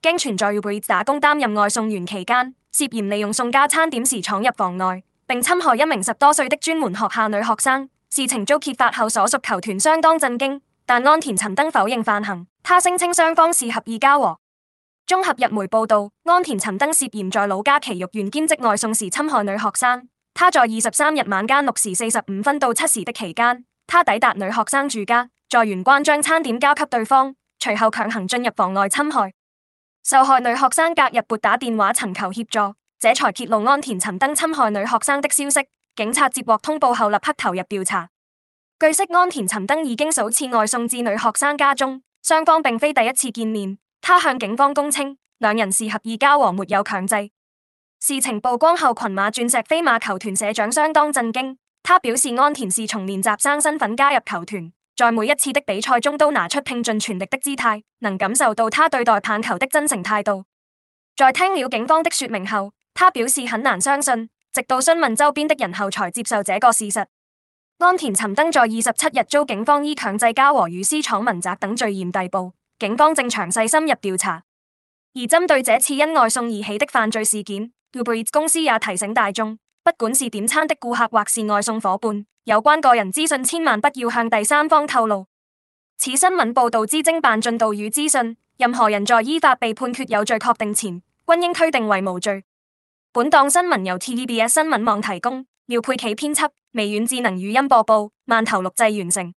驚傳在 Uber Eats 打工擔任外送員期間，涉嫌利用送交餐點時闖入房內，並侵害一名十多歲的專門學校女學生。事情遭揭發後，所屬球團相當震驚，但安田尋登否認犯行，他聲稱雙方是合意交合。綜合日媒報道，安田尋登涉嫌在老家埼玉縣兼職外送時侵害女學生。他在二十三日晚間六時四十五分到七時的期間，他抵達女學生住家，在玄關將餐點交給對方，隨後強行進入房內侵害。受害女學生隔日撥打電話尋求協助，這才揭露安田尋登侵害女學生的消息。警察接獲通報後，立刻投入調查。據悉，安田尋登已經數次外送至女學生家中，雙方並非第一次見面。他向警方供稱，兩人是合意交往，沒有強制。事情曝光後，群馬鑽石飛馬球團社長相當震驚，他表示安田是從練習生身份加入球團。在每一次的比賽中都拿出拼盡全力的姿態，能感受到他對待棒球的真誠態度。在聽了警方的說明後，他表示很難相信，直到詢問周邊的人後才接受這個事實。安田尋登在二十七日遭警方依強制交和、與私闖民宅等罪嫌逮捕，警方正詳細深入調查。而針對這次因外送而起的犯罪事件，Uber 公司也提醒大眾，不管是點餐的顧客或是外送伙伴。有關個人資訊，千萬不要向第三方透露。此新聞報道之偵辦進度與資訊，任何人在依法被判決有罪確定前，均應推定為無罪。本檔新聞由 TBS 新聞網提供，廖佩琪編輯，微軟智能語音播報，饅頭錄製完成。